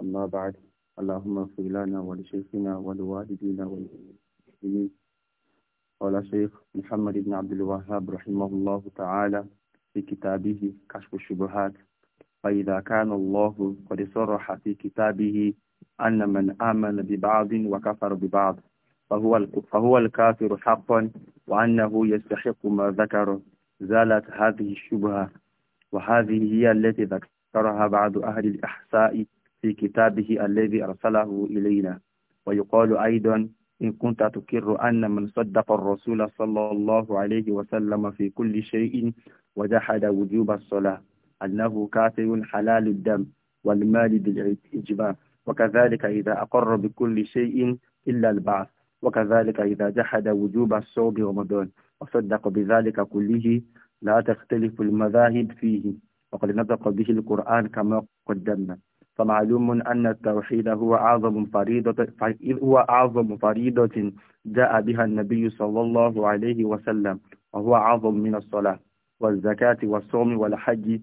أما بعد اللهم اغفر لنا ولشيخنا ولوالدينا وللمسلمين قال شيخ محمد بن عبد الوهاب رحمه الله تعالى في كتابه كشف الشبهات فإذا كان الله قد صرح في كتابه أن من آمن ببعض وكفر ببعض فهو فهو الكافر حقا وأنه يستحق ما ذكر زالت هذه الشبهة وهذه هي التي ذكرت شرح بعض أهل الإحساء في كتابه الذي أرسله إلينا ويقال أيضا إن كنت تكر أن من صدق الرسول صلى الله عليه وسلم في كل شيء وجحد وجوب الصلاة أنه كافر حلال الدم والمال بالإجماع وكذلك إذا أقر بكل شيء إلا البعث وكذلك إذا جحد وجوب الصوم رمضان وصدق بذلك كله لا تختلف المذاهب فيه وقد نطق به القرآن كما قدمنا فمعلوم أن التوحيد هو أعظم فريضة هو أعظم فريضة جاء بها النبي صلى الله عليه وسلم وهو أعظم من الصلاة والزكاة والصوم والحج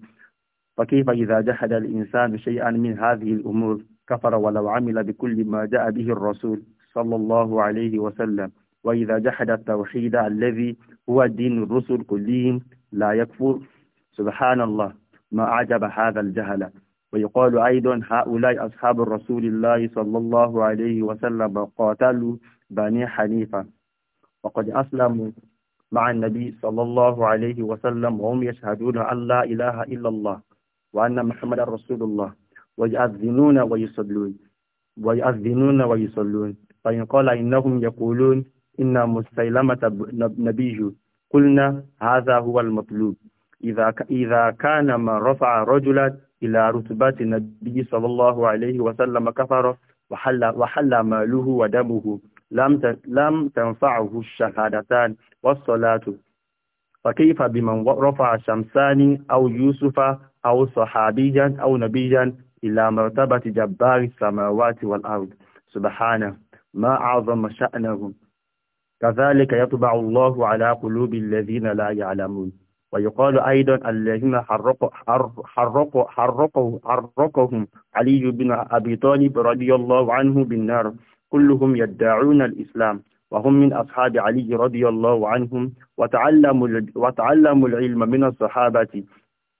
فكيف إذا جحد الإنسان شيئا من هذه الأمور كفر ولو عمل بكل ما جاء به الرسول صلى الله عليه وسلم وإذا جحد التوحيد الذي هو دين الرسل كلهم لا يكفر سبحان الله ما أعجب هذا الجهل ويقال أيضا هؤلاء أصحاب الرسول الله صلى الله عليه وسلم قاتلوا بني حنيفة وقد أسلموا مع النبي صلى الله عليه وسلم وهم يشهدون أن لا إله إلا الله وأن محمد رسول الله ويؤذنون ويصلون ويؤذنون ويصلون فإن قال إنهم يقولون إن مسيلمة نبيه قلنا هذا هو المطلوب إذا كان من رفع رجلا إلى رتبات النبي صلى الله عليه وسلم كفر وحل, وحل ماله ودمه لم لم تنفعه الشهادتان والصلاة فكيف بمن رفع شمسان أو يوسف أو صحابيا أو نبيا إلى مرتبة جبار السماوات والأرض سبحانه ما أعظم شأنهم كذلك يطبع الله على قلوب الذين لا يعلمون ويقال أيضا الذين حرقوا حرقوا حرقوا حرقهم علي بن أبي طالب رضي الله عنه بالنار كلهم يدعون الإسلام وهم من أصحاب علي رضي الله عنهم وتعلموا وتعلموا العلم من الصحابة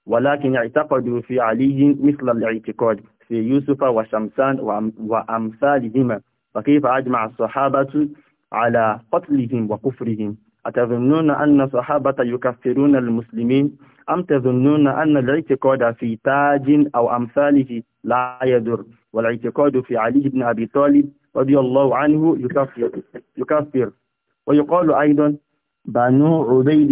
ولكن اعتقدوا في علي مثل الاعتقاد في يوسف وشمسان وأمثالهما فكيف أجمع الصحابة على قتلهم وكفرهم أتظنون أن صحابة يكفرون المسلمين أم تظنون أن الاعتقاد في تاج أو أمثاله لا يضر والاعتقاد في علي بن أبي طالب رضي الله عنه يكفر يكفر ويقال أيضا بنو عبيد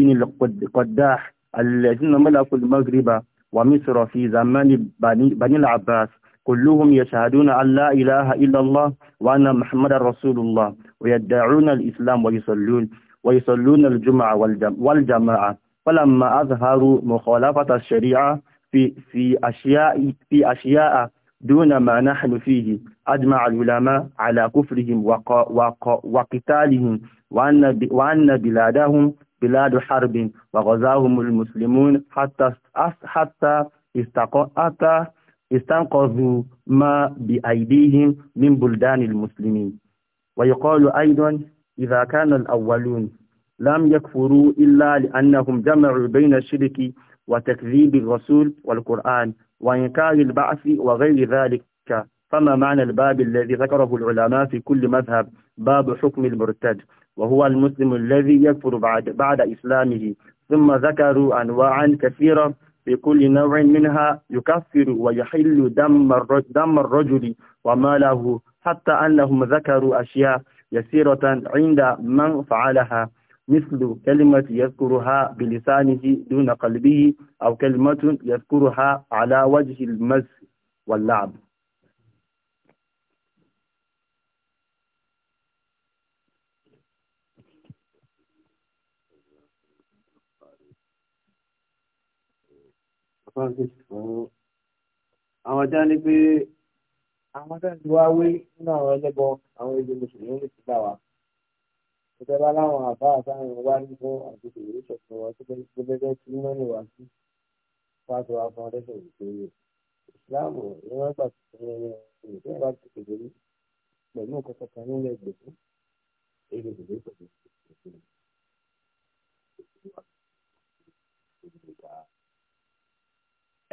القداح الذين ملكوا المغرب ومصر في زمان بني, بني العباس كلهم يشهدون أن لا إله إلا الله وأن محمد رسول الله ويدعون الإسلام ويصلون ويصلون الجمعة والجماعة فلما أظهروا مخالفة الشريعة في في أشياء في أشياء دون ما نحن فيه أجمع العلماء على كفرهم وق وق وقتالهم وأن وأن بلادهم بلاد حرب وغزاهم المسلمون حتى حتى حتى استنقذوا ما بأيديهم من بلدان المسلمين ويقال أيضا إذا كان الأولون لم يكفروا إلا لأنهم جمعوا بين الشرك وتكذيب الرسول والقرآن وإنكار البعث وغير ذلك فما معنى الباب الذي ذكره العلماء في كل مذهب باب حكم المرتد وهو المسلم الذي يكفر بعد, بعد إسلامه ثم ذكروا أنواعا كثيرة في كل نوع منها يكفر ويحل دم الرجل, دم الرجل وماله حتى أنهم ذكروا أشياء يسيرة عند من فعلها مثل كلمة يذكرها بلسانه دون قلبه أو كلمة يذكرها على وجه المس واللعب àwọn ajá àwọn tó ń lu awé nínú àwọn ẹlẹ́bọ àwọn èdè mùsùlùmí lè ti bá wa ìjọba láwọn àbá àtàwọn wá ní fún àgbègbè ìwé ìṣọ̀kan wọn tó bẹ́ẹ̀ tí wọ́n lè wá sí fáṣọ afọ́n ọdẹ́sẹ̀ ìṣòro ìsìláàmù ni wọ́n gbà tí wọ́n bá ti kéde rí pẹ̀lú nǹkan kankan nílẹ̀ gbèsè èdè gbèsè pẹ̀lú ìṣòro.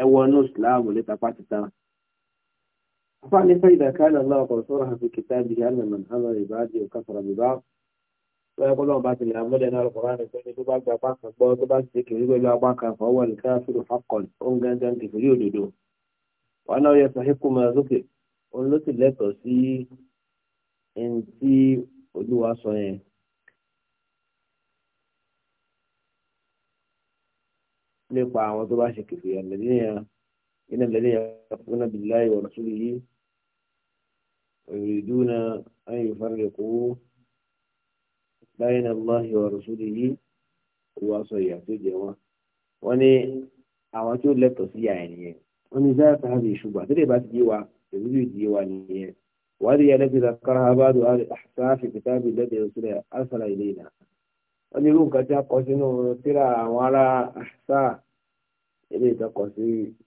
ẹ wọnú ìsìláàmù níta pátítán. فعلي فإذا كان الله ورسوله في كتابه أن من أمر عباده وكفر ببعض ويقول لهم بعد الأمر أن القرآن يقول تبعك بأباك فبوه تبعك ذكر يقول بأباك فهو الكافر حقا أم كان كان كفر يولدو وأنه يستحق ما ذكر أن لك لك سي إن سي ودوا صحيح nípa àwọn tó bá ṣe kìfìyà lẹ́dínlẹ́yà iná lẹ́dínlẹ́yà fún nàbìláyà ọ̀rọ̀ sórí yìí يريدون أن يفرقوا بين الله ورسوله وصية الجواب وني àwọn tí ó lẹ́tọ̀ sí àyà nìyẹn wọ́n ní záà tàbí ìṣùgbà tí lè bá ti yé wa ìrújú ìdí wa nìyẹn wà á lè yẹlẹ́ fi zakara abádu àṣàfi kìtàbí lẹ́dẹ̀ ìṣúlẹ̀ àṣàlà ilé ìlà wọ́n ní irú nǹkan tí a kọ sínú tíra àwọn ará àṣà ilé ìtọ́kọ̀ sí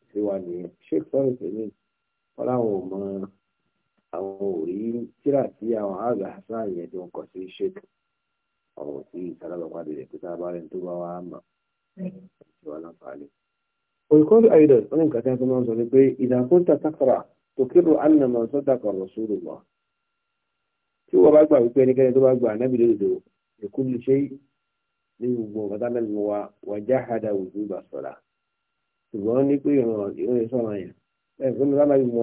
sí wa nìyẹn sheikh sọ́rọ̀ tèmi ọláwọ̀ mọ́ àwọn ò rí tíra tí àwọn àgbà hasan yẹn tí wọ́n kọ sí sheik ọ̀rọ̀ tí ìsàlábàpàdé rẹ̀ pé tá a bá rẹ̀ tó bá wà á mọ̀ tí wọ́n láǹfààní. ويقول أيضا أنا كتبت منظر إذا كنت تقرأ تقر أن من صدق رسول الله tí wọ́n bá gbà wípé ẹnikẹ́ni tó bá gbà nábì lódodo èkó lè ṣe ní gbogbo ọ̀gá mẹ́rin wa wà jáhada wùdú ìgbà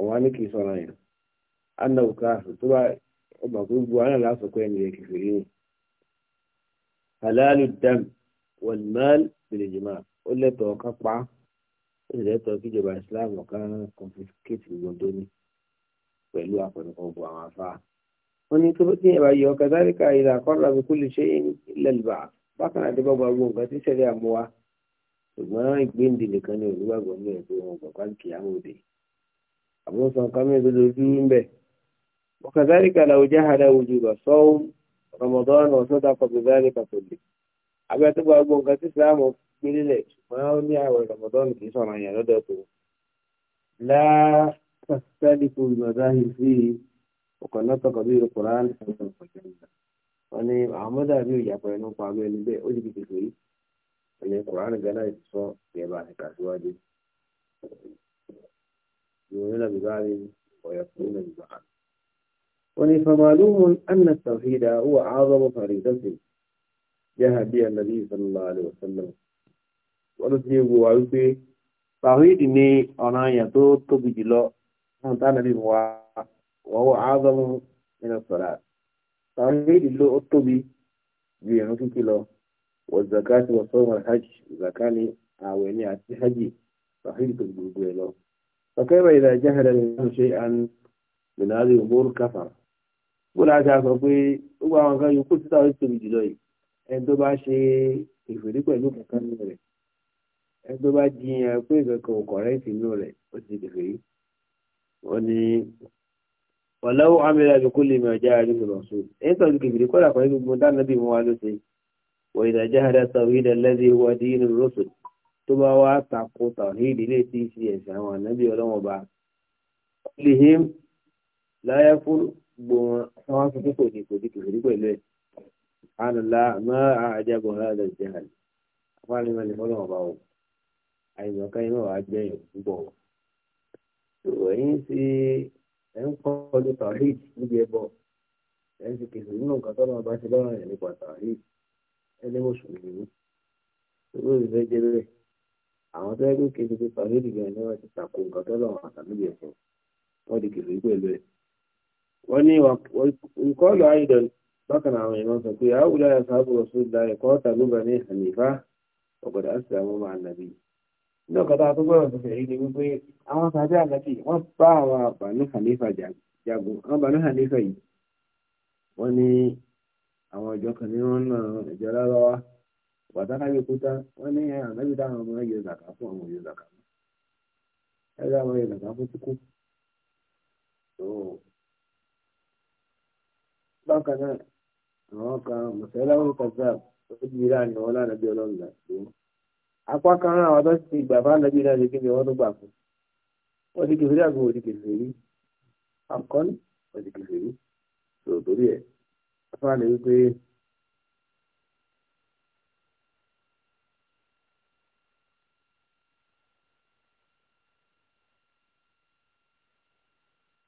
ọ̀wá ní kì í sọ̀rọ̀ yẹn anáwó káàfù tó bá ọgbà tó gbó aná láti sọ̀kọ́ ẹni yẹn kìfì rí ni. halalu dam wal mal bil ijma ó lẹ́tọ̀ọ́ ká pa ó sì lẹ́tọ̀ọ́ kíjọba islam ọ̀kan confiscate gbogbo tó ní pẹ̀lú àpẹnukọ̀ gbogbo àwọn afáà wọ́n ní tó tí ìbá yọ kàtàríkà ìlà kọ́ra bí kú lè lẹ́lbà bákan àti bá gbogbo nǹkan tí ṣẹlẹ̀ àmúwa ṣùgbọ́n ìgbéǹde nìkan ni olùgbàgbọ́ ní ẹ̀gbẹ́ wọn gbọ̀ngàn kìyàwó àbúrò sàn kámi tó dojú ń bẹ̀. وكذلك لو جهل وجوب صوم رمضان وصدق بذلك كله àbí àtúgbò agbó nǹkan tí ìsìláàmù gbélélẹ̀ ṣùgbọ́n ó ní àwẹ̀ rọ̀mọ́dọ́nù kì í sọ̀rọ̀ àyàn lọ́dọ̀ tó láàtàkùn ìmọ̀dáhì sí ọkàn náà tọkàn bí ìrọ̀kùnrin àti ìṣẹ̀lẹ̀ ọ̀pọ̀jọ́ ìgbà wọn ni àwọn mọ́dà bí ìyàpọ̀ ẹnu pa abẹ́ ẹni bẹ́ẹ̀ ó sì fi kékeré kùránì gánà ìsọ ìyẹ̀bà àti يؤمنون ببعض ويكفرون ببعض وني فمعلوم أن التوحيد هو أعظم فريضة جاء بها النبي صلى الله عليه وسلم ونسيب وعيوبه توحيد ني أنا يتو تبجي له أنت نبي هو وهو أعظم من الصلاة توحيد له أطبي بيعنوك كيلو والزكاة وصوم الحج زكاني أعويني أتي حجي توحيد تبجي له فكيف إذا جهل الإنسان شيئا من هذه الأمور كفر bóla ṣe àsọ pé gbogbo àwọn kan yòókù títà ó tóbi jùlọ yìí ẹni tó bá ṣe ìfèrí pẹ̀lú kankan nínú rẹ̀ ẹni tó bá jiyàn pé ìkankan ò kọ̀rẹ́ǹtì nínú rẹ̀ ó ti dèfè yìí wọ́n ní ọ̀làwọ̀ amẹ́rẹ́ àbíkú lè mọ̀ jára ní ìrọ̀ sùn èyí tó ti kìfìrí kọ́lá kan nínú gbogbo dáná bí wọ́n wá ló ṣe wọ̀ ìdájá àdá sàwídà lẹ́dí wọ́dí nínú rọ́sùn tó bá wá tako tawhid ilé tí í ṣe ẹ̀sìn àwọn ànábì ọlọ́wọ́n ọba lèhìm láyé fún gbòòrùn àwọn akẹ́kọ̀ọ́ kò ní kò ní kò ní pẹ̀lú ẹ̀ ànàlá máa àjẹbọ̀ hàlẹ̀ jẹ́hàn àfáàní máa ní fọ́lọ́wọ́n ọba o àyìnbọn káyọ̀ máa wá jẹ́ èèyàn púpọ̀ ẹ̀yìn sí ẹ̀ ń kọ́ ọdún tawhid níbi ẹ̀bọ̀ ẹ̀ ń sì kèsì nínú nǹkan tó lọ́wọ́ bá ti lọ́rùn àwọn tó yẹ kó kéde pé pàrọ́dì gan ni wọ́n ti tako nǹkan tó lọ́wọ́ àtàlóyè ẹ̀sọ́ wọ́n di kèlè pẹ̀lú ẹ̀. wọ́n ní ìkọlù aydan bákan àwọn èèyàn sọ pé àwùjọ ayé sábà rọ̀ṣọ́ ìlà ẹ̀kọ́ tàlúbà ní hànífà ọ̀gọ̀dà àti àwọn ọmọ ànàbì. ní ọ̀kadà tó gbọ́dọ̀ sọ̀rọ̀ yìí ni wípé àwọn sàbí ànàbì wọ́n bá àwọn àbànú hànífà jagun àwọn àbànú hànífà yìí wọ́n ní àwọn ìjọ kan ní wọ́n náà ìjọ lárọ́wá bàtàkà yóò kúta wọn ní ànábì táwọn ọmọ yọ zàkà fún àwọn yọ zàkà mọ ẹgbẹ àwọn yọ zàkà fún tukú tó bákan náà àwọn kan mọ̀sálàwò kọ̀ọ̀tà ó ti yíra ni wọn lánàá bí ọlọ́run là tó apá kan náà àwọn tó ti gbà bá nàbí náà lékè ní wọn tó gbà fún wọn ti kẹfìrí àgbọn wọn ti kẹfìrí àkọ́ni wọn ti kẹfìrí tó torí ẹ̀ afáàlẹ́ wípé.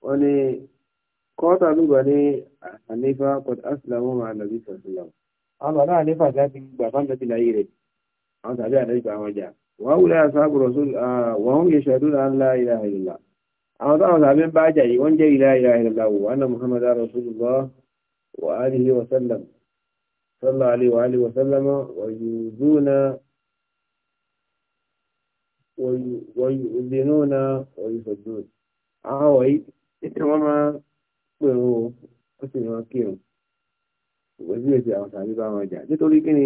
wọ́n ní kọ́ọ̀tà lùgbà ní ànífà kọ́t asilamu máa nàbí sọ̀sílám àwọn bàbá ànífà já ti gbà fáńdàbí láyé rẹ̀ àwọn tàbí àdájú àwọn jà wọ́n wúlẹ̀ àṣàbù rọ̀sùn wọ́n ń yẹsọ̀ dúró à ń la ilaha illallah àwọn táwọn tàbí ń bá jà yìí wọ́n jẹ́ la ilaha illallah wò anna muhammadu rasulullah wa alihi wa sallam sallallahu alaihi wa alihi wa sallam wa yuzuna wa yuzinuna wa yusaddun àwọn wọ̀nyí títí wọ́n máa pèrò ó sì máa kírun ìwé bí èsì àwọn sàbí bá wọn jà nítorí kí ni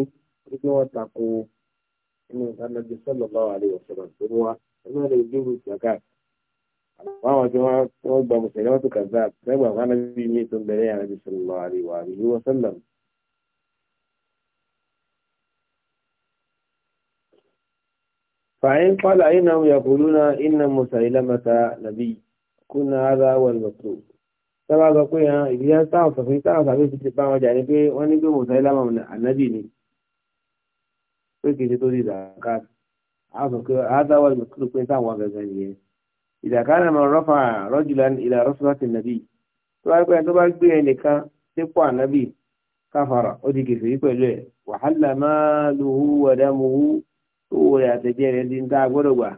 wọ́n ti wọ́n tako inú ìdánilẹ́bí sallallahu alaihi wasallam tó mú wa ẹgbẹ́ rẹ̀ dúró ìjàgà àwọn àwọn tí wọ́n gba mùsùlùmí wọn tó kà zá lẹ́gbàá wọn náà bí mi tó ń bẹ̀rẹ̀ yàrá bí sallallahu alaihi wasallam. فإن قال إنهم يقولون إن مسيلمة نبي kúnà ara wẹ̀lọ̀tò sábà sọ pé hàn ìdíyà táwọn sọ̀fin táwọn sàbí ti ti bá wọn jà ní pé wọ́n ní pé mùsàlẹ́ láwọn ànábì ni pé kì í ṣe tó di ìdàkà á sọ pé àádáwọ̀ ìmọ̀tòlù pé táwọn gẹ̀gẹ̀ nìyẹn ìdàkà náà mọ̀ rọ́fà rọ́jùlá ìlà rọ́sùlọ́tì nàbì tó bá pẹ́ tó bá gbé ẹnìkan sípò ànábì káfàrà ó di kèsì yí pẹ̀lú ẹ̀ wàhálà máa lùhú wàdàmùhú tó wọlé àtẹ̀jẹ́ rẹ̀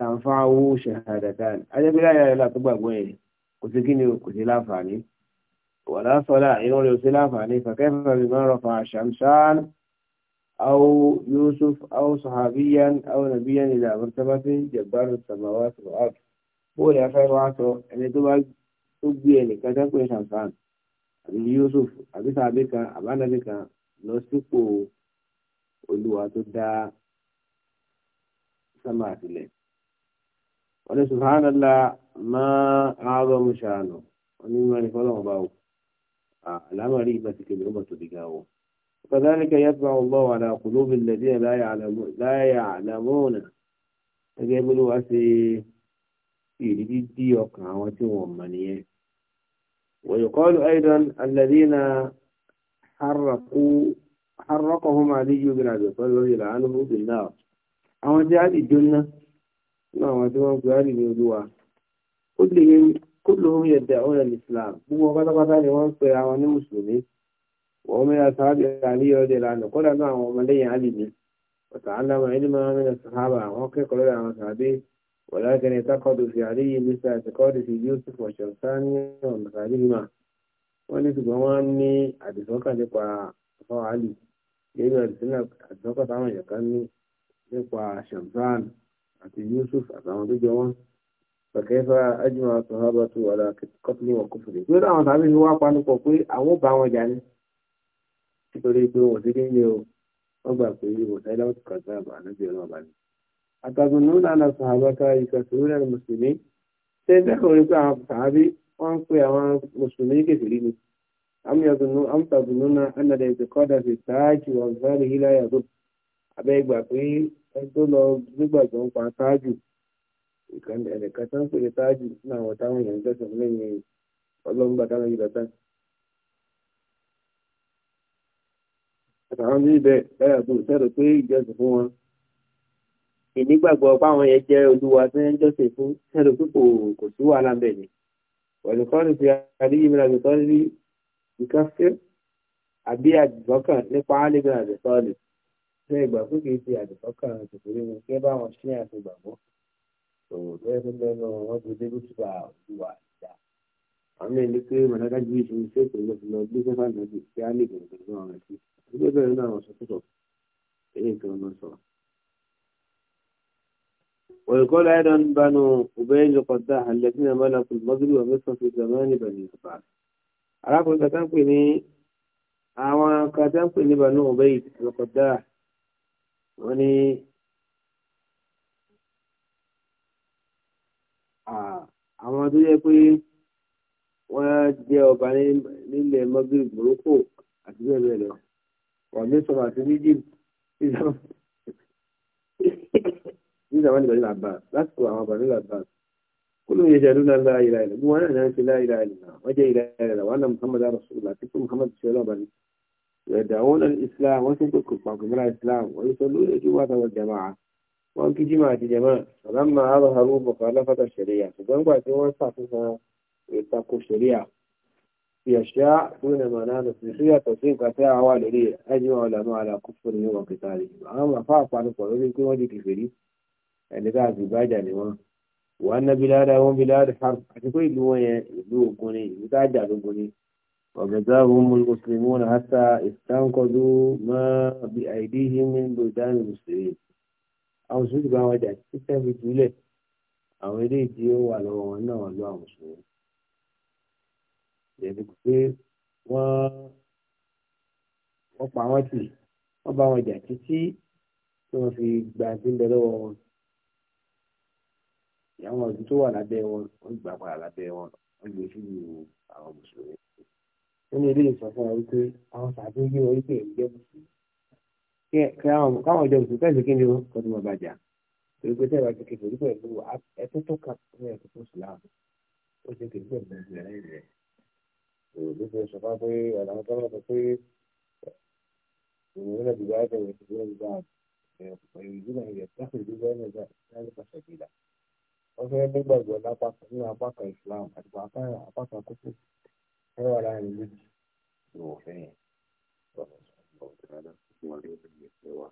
tàǹfà owó ṣàhàdàtàn ajẹ́pẹ́lá ayára ìlà tó gbàgbọ́ ẹ̀ kò sí kíni kò sí láǹfààní wà lásọ̀lá inú rẹ̀ ò sí láǹfààní fàkẹ́fà bí máa rọ̀fà ṣàmṣán aw yusuf aw sahabiyan aw nabiyan ilà àbúrútàbátì jabbar samawa sọ̀rọ̀ bóòlù afẹ́ wa sọ ẹni tó bá tó gbé ẹnìkan tẹ́kùn ṣàmṣán àbí yusuf àbí sàbí kan àbánabi kan lọ sípò olúwa tó dá sámà àtìlẹ́yìn. ولا سبحان الله ما أعظم شانه ومما نفضه باو الأمر يبتك الأمة بكاو وكذلك يتبع الله على قلوب الذين لا يعلمون لا يعلمون تجملوا أسي في لدي ومنيه ويقال أيضا الذين حرقوا حرقهم علي بن عبد الله رضي الله عنه بالنار أو جاء الجنة nínú àwọn tí wọ́n ń gbáàlì ní olúwa ó lè yẹ kó lóun yẹ dà ọ́nà islam gbogbo pátápátá ni wọ́n ń pe àwọn ní mùsùlùmí wọ́n mẹ́ra sáábì àlì ọdẹ lánàá kọ́dà náà àwọn ọmọlẹ́yìn àlì ni ọ̀tà aláwọ̀ ẹni máa mẹ́ra sàhábà àwọn kẹ́kọ̀ọ́ lọ́dọ̀ àwọn sàbí wọ̀lákẹ́ni tákọ́dù fi àlì ní ṣùgbọ́n wọ́n ní àdìsọ́kàn nípa ọ̀fọ̀ àlì lẹ́yìn ní nípa àti Yusuf àtàwọn tó jọ wọn pẹ̀kẹ́fà ajima sọ̀hábà tó wà láà kọ́tùlé wọn kó fòdè pé láwọn tàbí ni wọ́n á panupọ̀ pé àwọn bá wọn jà ní nítorí pé wọ́n ti kéde o wọ́n gbà pé wọ́n tẹ́lẹ̀ wọ́n ti kọjá àbọ̀ ànábì ọlọ́run bá ní. àtàgùn ní lànà sọ̀hábà ká ìkà sórí ẹni mùsùlùmí ṣé ń dẹ́kun rí pé àwọn sàábí wọ́n ń pe àwọn mùsùlùmí kékeré ni. àmì àtàgùn náà ẹni tó lọ nígbàgbọ́ ń pa táàjù ẹnìkan tó ń pè ní táàjù nínú àwọn táwọn èèyàn ń tẹ̀sán lẹ́yìn ọlọ́run gbàdá lẹ́yìn bàtà. àtàwọn ní ibẹ̀ bẹ́ẹ̀ tó sẹ́rọ pé ìjọsìn fún wọn ìnígbàgbọ́ páwọn yẹn jẹ́ olúwa tó ń jọ́sìn fún sẹ́rọ pé kò kò sí wàhálà ń bẹ̀ ni ọ̀lùkọ́ni ti àríyí mi làbẹ̀tọ́ rí ìkáfẹ́ àbí àdìgbọ́kàn nípa álẹ́gbẹ̀rẹ̀ ṣe ìgbà tó kìí ṣe àdìsọ́kà tòkòrí wọn kí ẹ bá wọn ṣí àti ìgbàgbọ́ tòwò tó yẹ fún lẹ́nu wọn ti dé lóṣù bá wà dá àmì ẹni pé mọ̀lẹ́ká jí ìṣe iṣẹ́ ìpínlẹ̀ ti lọ gbé sẹ́fà nàbì kí á lè gbèrè náà rẹ̀ sí ìgbé bẹ́ẹ̀ náà wọ́n sọ púpọ̀ èyí nǹkan ọmọ sọ. ويقول أيضا بنو أبي القداح الذين ملكوا المغرب ومصر في زمان بني عباس. عرفوا كتاب àwọn kan tẹ́ ń pè ní banu ubayd wọ́n ní àwọn tó yẹ pé wọ́n jẹ́ ọba nílẹ̀ mọ́gírì morocco àti bẹ́ẹ̀ bẹ́ẹ̀ lọ wà ní sọ̀rọ̀ àti egypt ní ìjàmbá nígbà nílà bá lásìkò àwọn ọba nílà bá kúlù yẹ jẹ́ lónà láàyè láàyè lọ bí wọ́n náà náà ń ṣe láàyè láàyè lọ wọ́n jẹ́ ìlà láàyè lọ wọ́n يدعون الإسلام وسنتكم فاكم لا إسلام ويصلون الجمعة والجماعة وأنك جماعة جماعة فلما أظهروا مخالفة الشريعة فقام بعد وصفها يتقوا الشريعة في أشياء دون ما نال الشريعة تصيب أشياء عوالي أجمع علماء على كفرهم وقتالهم أما فاق عن الصلاة يكون وجه كفري أن ذا في باجة لما وأن بلادهم بلاد حرب أتكوي لوين يدوه قوني يتعجى لوين وجزاهم المسلمون حتى استنقذوا ما بأيديهم من بلدان المسلمين àwọn sùúrù bá wọn jà títẹ́ fi jùlẹ̀ àwọn eléyìí tí ó wà lọ́wọ́ wọn náà lọ àwọn sùúrù yẹ̀bi pé wọ́n wọ́n pa wọ́n tì wọ́n bá wọn jà títí tí wọ́n fi gba tí ń bẹ lọ́wọ́ wọn ìyàwó ọdún tó wà lábẹ́ wọn wọ́n gbà padà lábẹ́ wọn wọ́n gbé sínú àwọn mùsùlùmí wọn ní eléyìí fún wa wípé àwọn sàbí yé wọn wípé èyí jẹ́ bùsùn káwọn ìjọ bùsùn fẹ́ẹ̀sì kí ni ó kọ́ni mọ̀ bàjá torí pé tẹ́lẹ̀ ti kékeré wípé pẹ̀lú ẹtún tó kà fún ẹ̀kọ́ fún sùláàmù ó ti kékeré pẹ̀lú ẹ̀sìn ẹ̀rẹ́ ìrẹ́ olùdókòwò sọ fún pé ọ̀nà àwọn tọ́lá sọ pé ìwé náà ti gbá ẹ̀kọ́ ìwé náà ti gbá ẹ̀kọ́ ìwé náà yẹ wọ́n wà láàrin méjì. ìwọ̀n fẹ́ yẹn. ọ̀rọ̀ ìgbà ọ̀tẹ̀ rárá fún wa lórí ẹ̀fẹ́ wa.